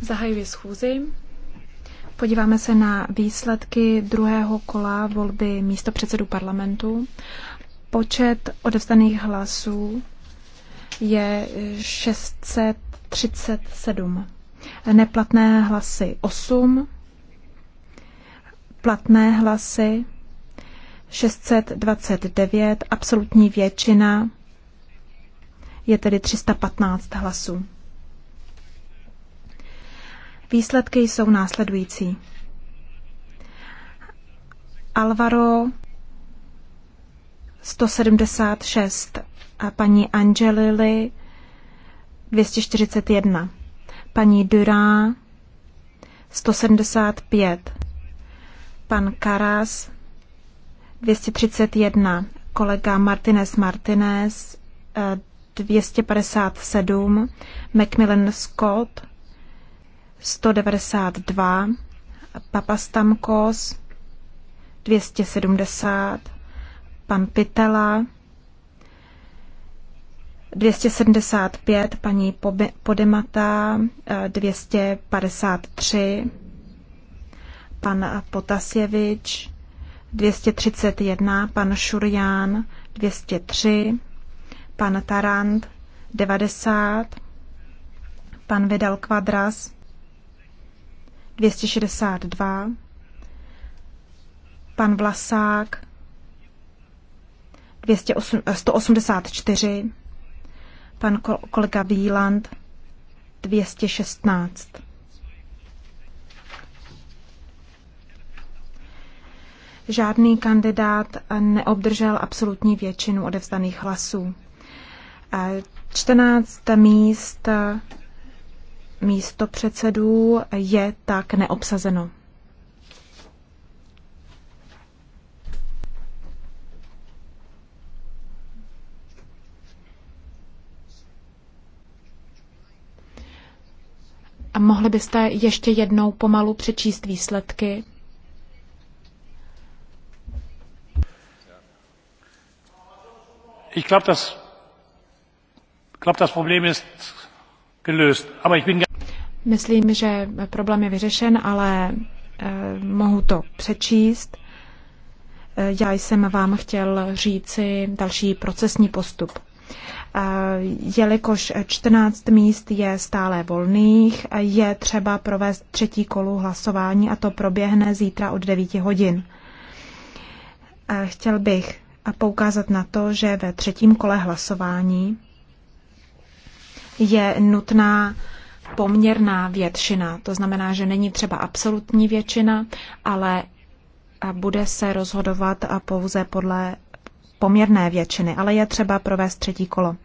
Zahajuji schůzi. Podíváme se na výsledky druhého kola volby místo předsedu parlamentu. Počet odevzdaných hlasů je 637. Neplatné hlasy 8, platné hlasy 629, absolutní většina je tedy 315 hlasů. Výsledky jsou následující. Alvaro 176 a paní Angelili 241, paní Durá 175, pan Karas 231, kolega Martinez Martinez 257, eh, Macmillan Scott 192, Papastamkos 270, pan Pitela 275, paní Podemata 253, eh, pan Potasjevič 231, pan Šurján 203, pan Tarant 90, pan Vidal Kvadras 262, pan Vlasák 208, 184, eh, pan kolega Výland 216. Žádný kandidát eh, neobdržel absolutní většinu odevzdaných hlasů. 14 eh, míst místo předsedů je tak neobsazeno. A mohli byste ještě jednou pomalu přečíst výsledky? Ich glaube, das, glaub, das Problem ist gelöst. Aber ich bin Myslím, že problém je vyřešen, ale eh, mohu to přečíst. Eh, já jsem vám chtěl říci další procesní postup. Eh, jelikož 14 míst je stále volných, je třeba provést třetí kolu hlasování a to proběhne zítra od 9 hodin. Chtěl bych poukázat na to, že ve třetím kole hlasování je nutná poměrná většina. To znamená, že není třeba absolutní většina, ale bude se rozhodovat a pouze podle poměrné většiny, ale je třeba provést třetí kolo.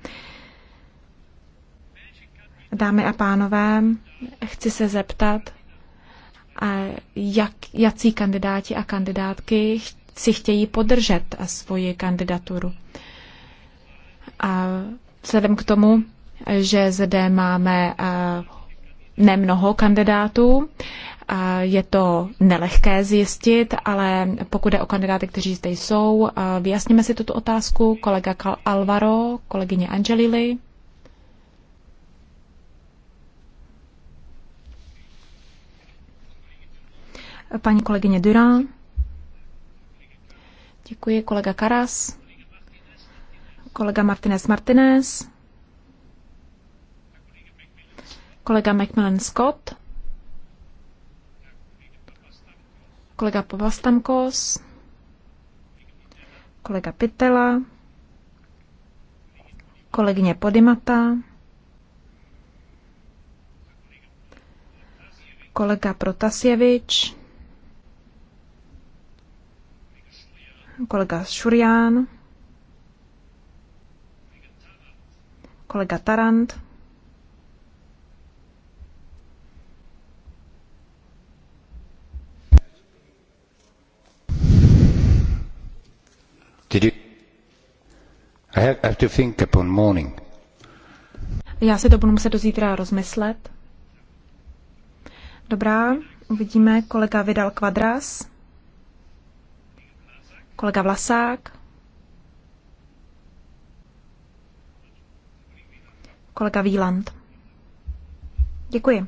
Dámy a pánové, chci se zeptat, jak, jací kandidáti a kandidátky si chtějí podržet svoji kandidaturu. A vzhledem k tomu, že zde máme eh, nemnoho kandidátů. Eh, je to nelehké zjistit, ale pokud jde o kandidáty, kteří zde jsou, eh, vyjasníme si tuto otázku. Kolega Alvaro, kolegyně Angelili. Paní kolegyně Durán. Děkuji. Kolega Karas. Kolega Martinez Martinez. Kolega Macmillan Scott. Kolega Povastamkos. Kolega Pitela. Kolegyně Podimata. Kolega Protasjevič. kolega Šurián, kolega Tarant, have, to think upon morning. Já si to budu muset do zítra rozmyslet. Dobrá, uvidíme kolega Vidal kvadras. kolega Vlasák, kolega Víland. Děkuji.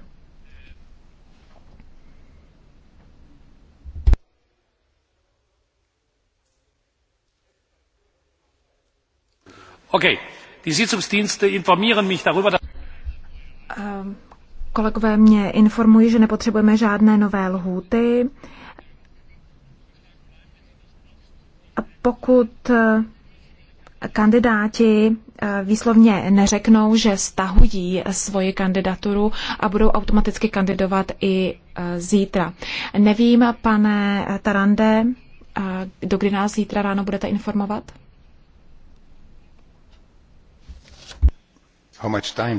Ehm, kolegové mě informují, že nepotřebujeme žádné nové lhůty. A pokud eh, kandidáti eh, výslovně neřeknou, že stahují svoji kandidaturu a budou automaticky kandidovat i eh, zítra. Nevím, pane Tarande, dokdy nás zítra ráno budete informovat?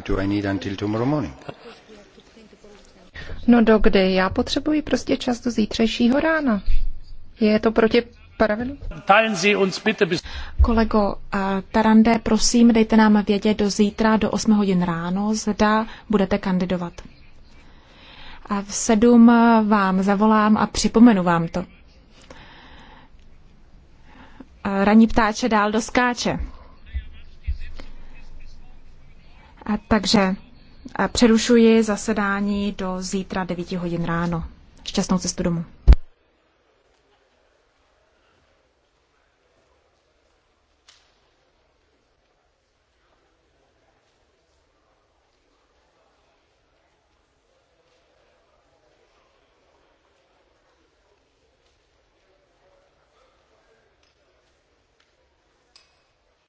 do No dokdy? Já potřebuji prostě čas do zítřejšího rána. Je to proti pravilu? Kolego uh, Tarande, prosím, dejte nám vědět do zítra do 8 hodin ráno, zda budete kandidovat. A v 7 eh, vám zavolám a připomenu vám to. Eh, raní ptáče dál doskáče. Takže eh, přerušuji zasedání do zítra 9 hodin ráno. Šťastnou cestu domů.